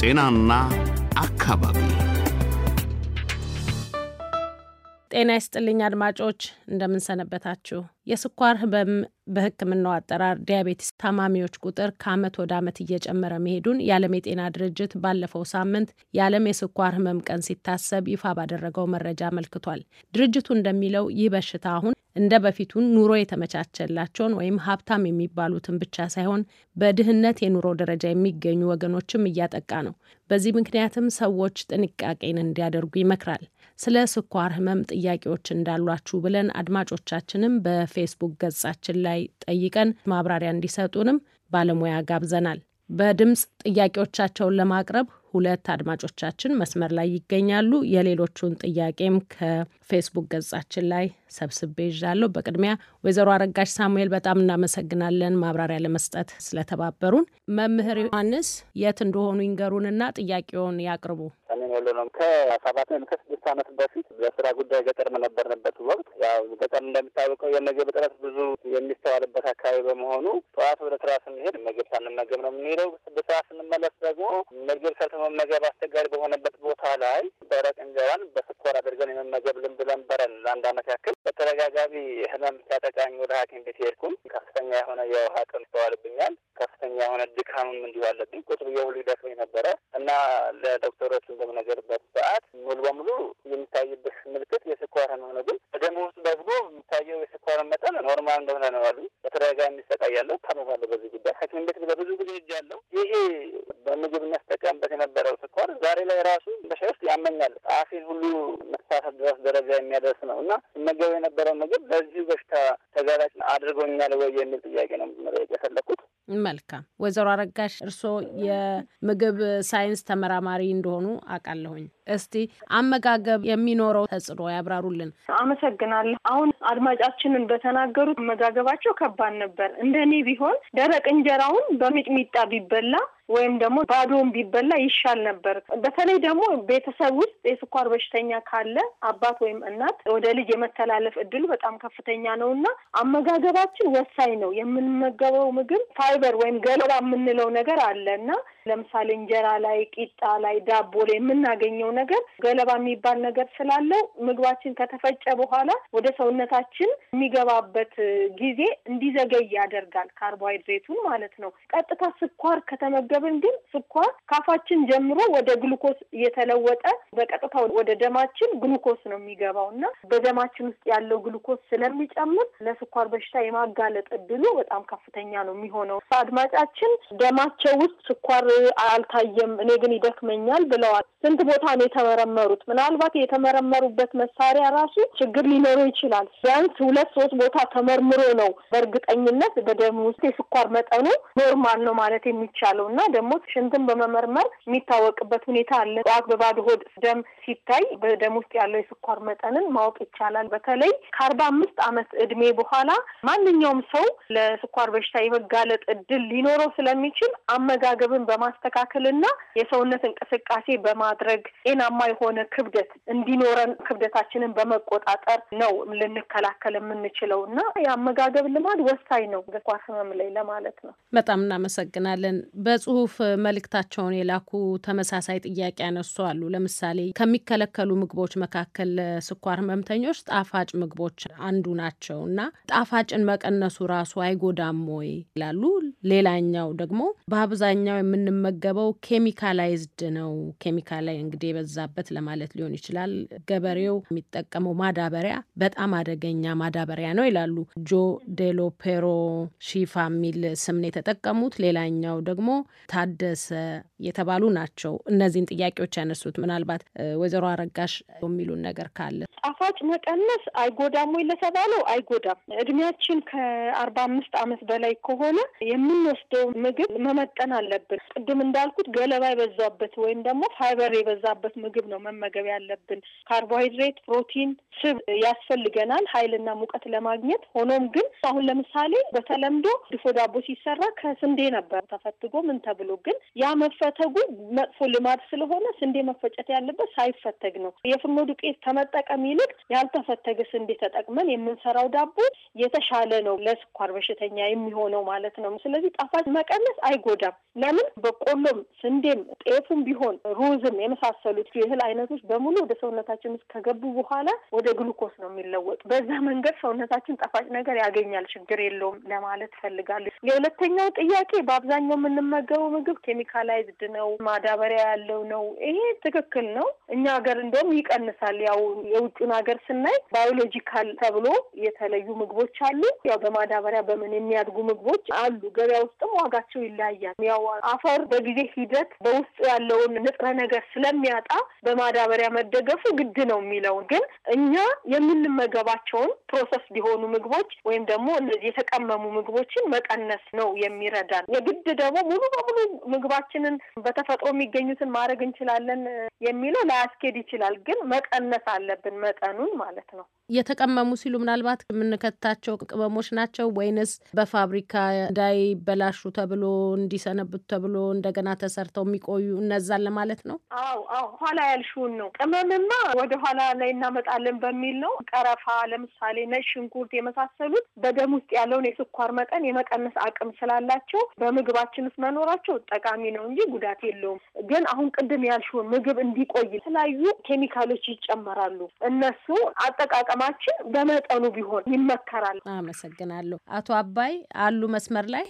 ጤናና አካባቢ ጤና ይስጥልኝ አድማጮች፣ እንደምንሰነበታችሁ። የስኳር ህመም በህክምናው አጠራር ዲያቤቲስ ታማሚዎች ቁጥር ከአመት ወደ ዓመት እየጨመረ መሄዱን የዓለም የጤና ድርጅት ባለፈው ሳምንት የዓለም የስኳር ህመም ቀን ሲታሰብ ይፋ ባደረገው መረጃ አመልክቷል። ድርጅቱ እንደሚለው ይህ በሽታ አሁን እንደ በፊቱን ኑሮ የተመቻቸላቸውን ወይም ሀብታም የሚባሉትን ብቻ ሳይሆን በድህነት የኑሮ ደረጃ የሚገኙ ወገኖችም እያጠቃ ነው። በዚህ ምክንያትም ሰዎች ጥንቃቄን እንዲያደርጉ ይመክራል። ስለ ስኳር ህመም ጥያቄዎች እንዳሏችሁ ብለን አድማጮቻችንም በፌስቡክ ገጻችን ላይ ጠይቀን ማብራሪያ እንዲሰጡንም ባለሙያ ጋብዘናል። በድምፅ ጥያቄዎቻቸውን ለማቅረብ ሁለት አድማጮቻችን መስመር ላይ ይገኛሉ። የሌሎቹን ጥያቄም ከ ፌስቡክ ገጻችን ላይ ሰብስቤ ይዣለሁ። በቅድሚያ ወይዘሮ አረጋሽ ሳሙኤል በጣም እናመሰግናለን ማብራሪያ ለመስጠት ስለተባበሩን። መምህር ዮሐንስ የት እንደሆኑ ይንገሩንና ጥያቄውን ያቅርቡ። ሰሜን ነው። ከሰባት ወይም ከስድስት ዓመት በፊት በስራ ጉዳይ ገጠር መነበርንበት ወቅት ያው ገጠር እንደሚታወቀው የምግብ እጥረት ብዙ የሚስተዋልበት አካባቢ በመሆኑ ጠዋት ወደ ስራ ስንሄድ ምግብ ሳንመገብ ነው የምንሄደው። ስድስት ስንመለስ ደግሞ ምግብ ሰርቶ መመገብ አስቸጋሪ በሆነበት ቦታ ላይ ደረቅ እንጀራን በስኳር አድርገን የመመገብ ልም ነበረን ለአንድ አመት ያክል በተደጋጋሚ ህመም ሲያጠቃኝ ወደ ሐኪም ቤት ሄድኩም። ከፍተኛ የሆነ የውሃ ጥም ይስተዋልብኛል። ከፍተኛ የሆነ ድካምም እንዲሁ አለብኝ። ቁጭ ብዬ ይደክመኝ ነበረ እና ለዶክተሮች እንደምነገርበት ሰዓት ሙሉ በሙሉ የሚታይበት ምልክት የስኳር ህመም ነው፣ ግን ኖርማል እንደሆነ ነው አሉ። በተደጋጋሚ ይሰቃያለሁ፣ ታመማለሁ። በዚህ ጉዳይ ሐኪም ቤት በብዙ ጊዜ ሄጃለሁ። ይሄ በምግብ የሚያስጠቀምበት የነበረው ስኳር ዛሬ ላይ ራሱ በሻይ ውስጥ ያመኛል፣ አፌን ሁሉ መሳሳት ድረስ ደረጃ የሚያደርስ ነው እና ስመገብ የነበረው ምግብ በዚሁ በሽታ ተጋላጭ አድርጎኛል ወይ የሚል ጥያቄ ነው መጠየቅ የፈለኩት። መልካም ወይዘሮ አረጋሽ እርስዎ የምግብ ሳይንስ ተመራማሪ እንደሆኑ አውቃለሁኝ። እስቲ አመጋገብ የሚኖረው ተጽዕኖ ያብራሩልን። አመሰግናለሁ። አሁን አድማጫችንን በተናገሩት አመጋገባቸው ከባድ ነበር። እንደ እኔ ቢሆን ደረቅ እንጀራውን በሚጥሚጣ ቢበላ ወይም ደግሞ ባዶውን ቢበላ ይሻል ነበር። በተለይ ደግሞ ቤተሰብ ውስጥ የስኳር በሽተኛ ካለ አባት ወይም እናት ወደ ልጅ የመተላለፍ እድሉ በጣም ከፍተኛ ነው እና አመጋገባችን ወሳኝ ነው። የምንመገበው ምግብ ፋይበር ወይም ገለባ የምንለው ነገር አለ እና ለምሳሌ እንጀራ ላይ፣ ቂጣ ላይ፣ ዳቦ ላይ የምናገኘው ነገር ገለባ የሚባል ነገር ስላለው ምግባችን ከተፈጨ በኋላ ወደ ሰውነታችን የሚገባበት ጊዜ እንዲዘገይ ያደርጋል። ካርቦሃይድሬቱን ማለት ነው። ቀጥታ ስኳር ከተመገ ከመመገብን ግን ስኳር ካፋችን ጀምሮ ወደ ግሉኮስ እየተለወጠ በቀጥታ ወደ ደማችን ግሉኮስ ነው የሚገባው እና በደማችን ውስጥ ያለው ግሉኮስ ስለሚጨምር ለስኳር በሽታ የማጋለጥ እድሉ በጣም ከፍተኛ ነው የሚሆነው። አድማጫችን ደማቸው ውስጥ ስኳር አልታየም፣ እኔ ግን ይደክመኛል ብለዋል። ስንት ቦታ ነው የተመረመሩት? ምናልባት የተመረመሩበት መሳሪያ ራሱ ችግር ሊኖረው ይችላል። ቢያንስ ሁለት ሶስት ቦታ ተመርምሮ ነው በእርግጠኝነት በደም ውስጥ የስኳር መጠኑ ኖርማል ነው ማለት የሚቻለው እና ደግሞ ሽንትን በመመርመር የሚታወቅበት ሁኔታ አለ። ጠዋት በባዶ ሆድ ደም ሲታይ በደም ውስጥ ያለው የስኳር መጠንን ማወቅ ይቻላል። በተለይ ከአርባ አምስት አመት እድሜ በኋላ ማንኛውም ሰው ለስኳር በሽታ የመጋለጥ እድል ሊኖረው ስለሚችል አመጋገብን በማስተካከልና የሰውነት እንቅስቃሴ በማድረግ ጤናማ የሆነ ክብደት እንዲኖረን ክብደታችንን በመቆጣጠር ነው ልንከላከል የምንችለው እና የአመጋገብ ልማድ ወሳኝ ነው ስኳር ህመም ላይ ለማለት ነው። በጣም እናመሰግናለን። በጽሁ በጽሁፍ መልእክታቸውን የላኩ ተመሳሳይ ጥያቄ ያነሱ አሉ። ለምሳሌ ከሚከለከሉ ምግቦች መካከል ስኳር ህመምተኞች ጣፋጭ ምግቦች አንዱ ናቸው እና ጣፋጭን መቀነሱ ራሱ አይጎዳም ወይ ይላሉ። ሌላኛው ደግሞ በአብዛኛው የምንመገበው ኬሚካላይዝድ ነው። ኬሚካላይ እንግዲህ የበዛበት ለማለት ሊሆን ይችላል። ገበሬው የሚጠቀመው ማዳበሪያ በጣም አደገኛ ማዳበሪያ ነው ይላሉ። ጆ ዴሎፔሮ ሺፋ የሚል ስምን የተጠቀሙት ሌላኛው ደግሞ ታደሰ የተባሉ ናቸው እነዚህን ጥያቄዎች ያነሱት። ምናልባት ወይዘሮ አረጋሽ የሚሉን ነገር ካለ ጣፋጭ መቀነስ አይጎዳም ወይ ለተባለው አይጎዳም። እድሜያችን ከአርባ አምስት ዓመት በላይ ከሆነ የምንወስደው ምግብ መመጠን አለብን። ቅድም እንዳልኩት ገለባ የበዛበት ወይም ደግሞ ፋይበር የበዛበት ምግብ ነው መመገብ ያለብን። ካርቦሃይድሬት፣ ፕሮቲን ስብ ያስፈልገናል ኃይልና ሙቀት ለማግኘት። ሆኖም ግን አሁን ለምሳሌ በተለምዶ ድፎ ዳቦ ሲሰራ ከስንዴ ነበር ተፈትጎ ምን ተብሎ፣ ግን ያ መፈተጉ መጥፎ ልማድ ስለሆነ ስንዴ መፈጨት ያለበት ሳይፈተግ ነው። የፍኖ ዱቄት ከመጠቀም ይልቅ ያልተፈተገ ስንዴ ተጠቅመን የምንሰራው ዳቦ የተሻለ ነው፣ ለስኳር በሽተኛ የሚሆነው ማለት ነው። ስለዚህ ጣፋጭ መቀነስ አይጎዳም። ለምን በቆሎም፣ ስንዴም፣ ጤፉም ቢሆን ሩዝም የመሳሰሉት የእህል አይነቶች በሙሉ ወደ ሰውነታችን ውስጥ ከገቡ በኋላ ወደ ወደ ግሉኮስ ነው የሚለወጡ። በዛ መንገድ ሰውነታችን ጣፋጭ ነገር ያገኛል፣ ችግር የለውም ለማለት እፈልጋለሁ። የሁለተኛው ጥያቄ በአብዛኛው የምንመገበው ምግብ ኬሚካላይዝድ ነው፣ ማዳበሪያ ያለው ነው። ይሄ ትክክል ነው። እኛ ሀገር እንደውም ይቀንሳል። ያው የውጭን ሀገር ስናይ ባዮሎጂካል ተብሎ የተለዩ ምግቦች አሉ። ያው በማዳበሪያ በምን የሚያድጉ ምግቦች አሉ። ገበያ ውስጥም ዋጋቸው ይለያያል። ያው አፈር በጊዜ ሂደት በውስጡ ያለውን ንጥረ ነገር ስለሚያጣ በማዳበሪያ መደገፉ ግድ ነው የሚለውን ግን እኛ እኛ የምንመገባቸውን ፕሮሰስ ሊሆኑ ምግቦች ወይም ደግሞ እነዚህ የተቀመሙ ምግቦችን መቀነስ ነው የሚረዳን። የግድ ደግሞ ሙሉ በሙሉ ምግባችንን በተፈጥሮ የሚገኙትን ማድረግ እንችላለን የሚለው ላያስኬድ ይችላል፣ ግን መቀነስ አለብን መጠኑን ማለት ነው። የተቀመሙ ሲሉ ምናልባት የምንከታቸው ቅመሞች ናቸው ወይንስ በፋብሪካ እንዳይበላሹ ተብሎ እንዲሰነብቱ ተብሎ እንደገና ተሰርተው የሚቆዩ እነዛን ለማለት ነው? አዎ አዎ፣ ኋላ ያልሽውን ነው። ቅመምማ ወደ ኋላ ላይ እናመጣለን በሚል ነው። ቀረፋ ለምሳሌ፣ ነጭ ሽንኩርት የመሳሰሉት በደም ውስጥ ያለውን የስኳር መጠን የመቀነስ አቅም ስላላቸው በምግባችን ውስጥ መኖራቸው ጠቃሚ ነው እንጂ ጉዳት የለውም። ግን አሁን ቅድም ያልሽውን ምግብ እንዲቆይ የተለያዩ ኬሚካሎች ይጨመራሉ። እነሱ አጠቃቀም ሰላማችን በመጠኑ ቢሆን ይመከራል። አመሰግናለሁ። አቶ አባይ አሉ መስመር ላይ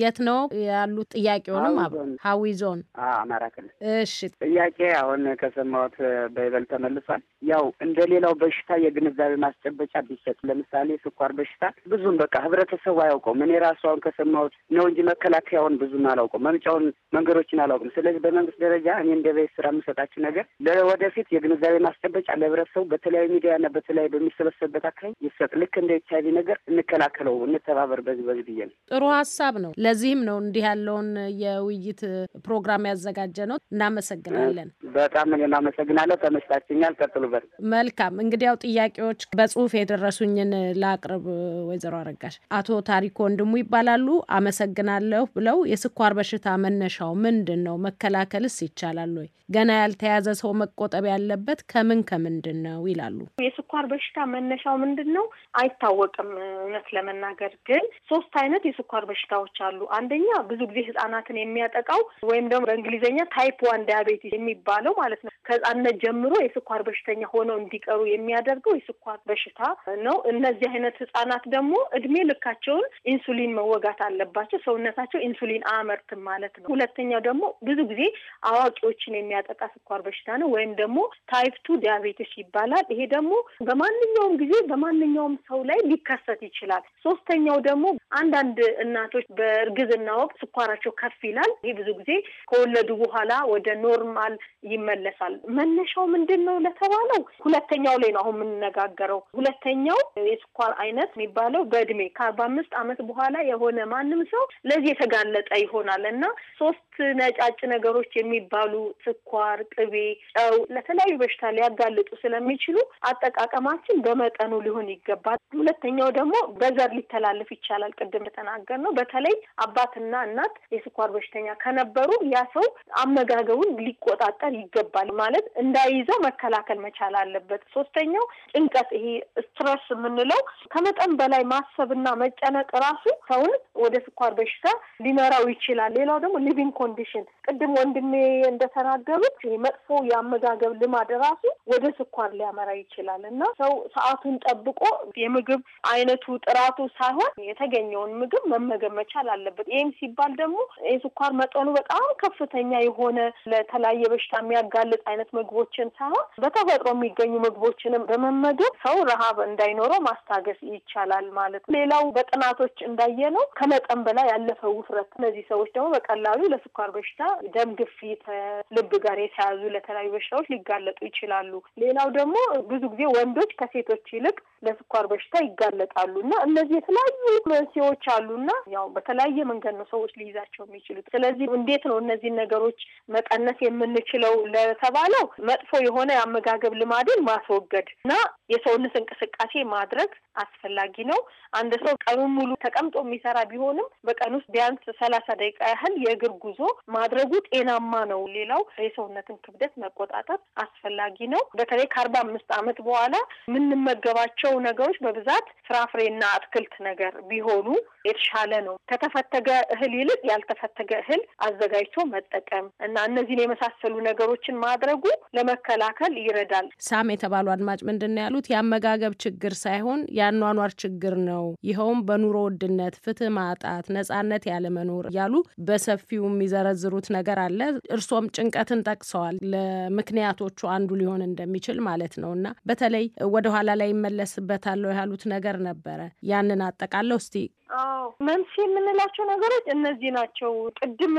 የት ነው ያሉ ጥያቄውንም ሀዊ ዞን አማራ ክልል። እሺ ጥያቄ አሁን ከሰማሁት በይበል ተመልሷል። ያው እንደ ሌላው በሽታ የግንዛቤ ማስጨበጫ ቢሰጥ፣ ለምሳሌ ስኳር በሽታ ብዙም በቃ ህብረተሰቡ አያውቀውም። እኔ ራሱ አሁን ከሰማሁት ነው እንጂ መከላከያውን ብዙም አላውቀውም፣ መምጫውን መንገዶችን አላውቅም። ስለዚህ በመንግስት ደረጃ እኔ እንደ ቤት ስራ የምሰጣችሁ ነገር ለወደፊት የግንዛቤ ማስጨበጫ ለህብረተሰቡ በተለያዩ ሚዲያና በተለያዩ በሚ የሚሰበሰብበት አካባቢ ይሰጥ። ልክ እንደ ኤች አይቪ ነገር እንከላከለው፣ እንተባበር። በዚህ በዚህ ብዬ ነው። ጥሩ ሀሳብ ነው። ለዚህም ነው እንዲህ ያለውን የውይይት ፕሮግራም ያዘጋጀ ነው። እናመሰግናለን። በጣም እናመሰግናለሁ። ተመስላችኛል። ቀጥሉበት። መልካም። እንግዲህ ያው ጥያቄዎች በጽሁፍ የደረሱኝን ላቅርብ። ወይዘሮ አረጋሽ አቶ ታሪክ ወንድሙ ይባላሉ። አመሰግናለሁ ብለው የስኳር በሽታ መነሻው ምንድን ነው? መከላከልስ ይቻላል ወይ? ገና ያልተያዘ ሰው መቆጠብ ያለበት ከምን ከምንድን ነው ይላሉ። የስኳር በሽታ መነሻው ምንድን ነው አይታወቅም። እውነት ለመናገር ግን ሶስት አይነት የስኳር በሽታዎች አሉ። አንደኛ ብዙ ጊዜ ህጻናትን የሚያጠቃው ወይም ደግሞ በእንግሊዝኛ ታይፕ ዋን ዲያቤቲስ የሚባለው ማለት ነው። ከህጻንነት ጀምሮ የስኳር በሽተኛ ሆነው እንዲቀሩ የሚያደርገው የስኳር በሽታ ነው። እነዚህ አይነት ህጻናት ደግሞ እድሜ ልካቸውን ኢንሱሊን መወጋት አለባቸው። ሰውነታቸው ኢንሱሊን አያመርትም ማለት ነው። ሁለተኛው ደግሞ ብዙ ጊዜ አዋቂዎችን የሚያጠቃ ስኳር በሽታ ነው፣ ወይም ደግሞ ታይፕ ቱ ዲያቤቲስ ይባላል። ይሄ ደግሞ በማንኛውም በማንኛውም ጊዜ በማንኛውም ሰው ላይ ሊከሰት ይችላል። ሶስተኛው ደግሞ አንዳንድ እናቶች በእርግዝና ወቅት ስኳራቸው ከፍ ይላል። ይህ ብዙ ጊዜ ከወለዱ በኋላ ወደ ኖርማል ይመለሳል። መነሻው ምንድን ነው ለተባለው ሁለተኛው ላይ ነው አሁን የምንነጋገረው። ሁለተኛው የስኳር አይነት የሚባለው በእድሜ ከአርባ አምስት አመት በኋላ የሆነ ማንም ሰው ለዚህ የተጋለጠ ይሆናል እና ሶስት ነጫጭ ነገሮች የሚባሉ ስኳር፣ ቅቤ፣ ጨው ለተለያዩ በሽታ ሊያጋልጡ ስለሚችሉ አጠቃቀማችን በመጠኑ ሊሆን ይገባል። ሁለተኛው ደግሞ በዘር ሊተላለፍ ይቻላል። ቅድም የተናገር ነው። በተለይ አባትና እናት የስኳር በሽተኛ ከነበሩ ያ ሰው አመጋገቡን ሊቆጣጠር ይገባል። ማለት እንዳይይዘው መከላከል መቻል አለበት። ሶስተኛው ጭንቀት፣ ይሄ ስትረስ የምንለው ከመጠን በላይ ማሰብና መጨነቅ ራሱ ሰውን ወደ ስኳር በሽታ ሊመራው ይችላል። ሌላው ደግሞ ሊቪንግ ኮንዲሽን ቅድም ወንድሜ እንደተናገሩት መጥፎ የአመጋገብ ልማድ ራሱ ወደ ስኳር ሊያመራ ይችላል እና ሰው ሰዓቱን ጠብቆ የምግብ አይነቱ ጥራቱ ሳይሆን የተገኘውን ምግብ መመገብ መቻል አለበት። ይህም ሲባል ደግሞ የስኳር መጠኑ በጣም ከፍተኛ የሆነ ለተለያየ በሽታ የሚያጋልጥ አይነት ምግቦችን ሳይሆን በተፈጥሮ የሚገኙ ምግቦችንም በመመገብ ሰው ረሃብ እንዳይኖረው ማስታገስ ይቻላል ማለት ነው። ሌላው በጥናቶች እንዳየነው ከመጠን በላይ ያለፈ ውፍረት እነዚህ ሰዎች ደግሞ በቀላሉ ለስ ስኳር በሽታ፣ ደም ግፊት፣ ልብ ጋር የተያዙ ለተለያዩ በሽታዎች ሊጋለጡ ይችላሉ። ሌላው ደግሞ ብዙ ጊዜ ወንዶች ከሴቶች ይልቅ ለስኳር በሽታ ይጋለጣሉ እና እነዚህ የተለያዩ መንስኤዎች አሉና ያው በተለያየ መንገድ ነው ሰዎች ሊይዛቸው የሚችሉት። ስለዚህ እንዴት ነው እነዚህን ነገሮች መቀነስ የምንችለው ለተባለው መጥፎ የሆነ የአመጋገብ ልማድን ማስወገድ እና የሰውነት እንቅስቃሴ ማድረግ አስፈላጊ ነው። አንድ ሰው ቀኑን ሙሉ ተቀምጦ የሚሰራ ቢሆንም በቀን ውስጥ ቢያንስ ሰላሳ ደቂቃ ያህል የእግር ጉዞ ማድረጉ ጤናማ ነው። ሌላው የሰውነትን ክብደት መቆጣጠር አስፈላጊ ነው። በተለይ ከአርባ አምስት ዓመት በኋላ የምንመገባቸው ነገሮች በብዛት ፍራፍሬና አትክልት ነገር ቢሆኑ የተሻለ ነው። ከተፈተገ እህል ይልቅ ያልተፈተገ እህል አዘጋጅቶ መጠቀም እና እነዚህን የመሳሰሉ ነገሮችን ማድረጉ ለመከላከል ይረዳል። ሳም የተባሉ አድማጭ ምንድን ነው ያሉት? የአመጋገብ ችግር ሳይሆን የአኗኗር ችግር ነው። ይኸውም በኑሮ ውድነት፣ ፍትህ ማጣት፣ ነጻነት ያለመኖር እያሉ በሰፊውም የሚዘረዝሩት ነገር አለ። እርሶም ጭንቀትን ጠቅሰዋል ለምክንያቶቹ አንዱ ሊሆን እንደሚችል ማለት ነው እና በተለይ ወደኋላ ላይ ይመለስበታለሁ ያሉት ነገር ነበረ። ያንን አጠቃለው እስቲ መንስ መንስኤ የምንላቸው ነገሮች እነዚህ ናቸው። ቅድም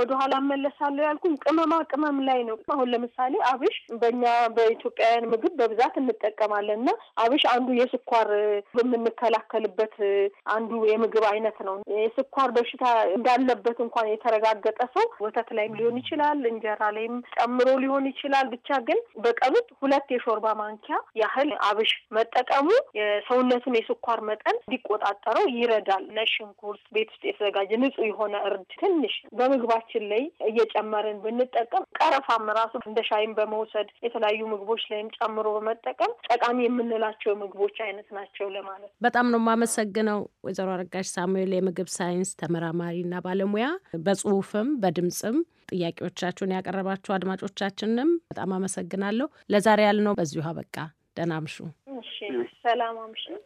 ወደኋላ መለሳለሁ ያልኩኝ ቅመማ ቅመም ላይ ነው። አሁን ለምሳሌ አብሽ በእኛ በኢትዮጵያውያን ምግብ በብዛት እንጠቀማለን እና አብሽ አንዱ የስኳር የምንከላከልበት አንዱ የምግብ አይነት ነው። የስኳር በሽታ እንዳለበት እንኳን የተረጋገጠ ሰው ወተት ላይም ሊሆን ይችላል፣ እንጀራ ላይም ጨምሮ ሊሆን ይችላል። ብቻ ግን በቀኑት ሁለት የሾርባ ማንኪያ ያህል አብሽ መጠቀሙ የሰውነቱን የስኳር መጠን እንዲቆጣጠረው ይረዳል። ይረዳል። ነጭ ሽንኩርት ቤት ውስጥ የተዘጋጀ ንጹህ የሆነ እርድ ትንሽ በምግባችን ላይ እየጨመርን ብንጠቀም፣ ቀረፋም ራሱ እንደ ሻይም በመውሰድ የተለያዩ ምግቦች ላይም ጨምሮ በመጠቀም ጠቃሚ የምንላቸው ምግቦች አይነት ናቸው ለማለት በጣም ነው የማመሰግነው። ወይዘሮ አረጋሽ ሳሙኤል የምግብ ሳይንስ ተመራማሪና ባለሙያ በጽሁፍም በድምፅም ጥያቄዎቻችሁን ያቀረባችሁ አድማጮቻችንም በጣም አመሰግናለሁ። ለዛሬ ያልነው በዚሁ አበቃ። ደህና አምሹ። ሰላም አምሹ።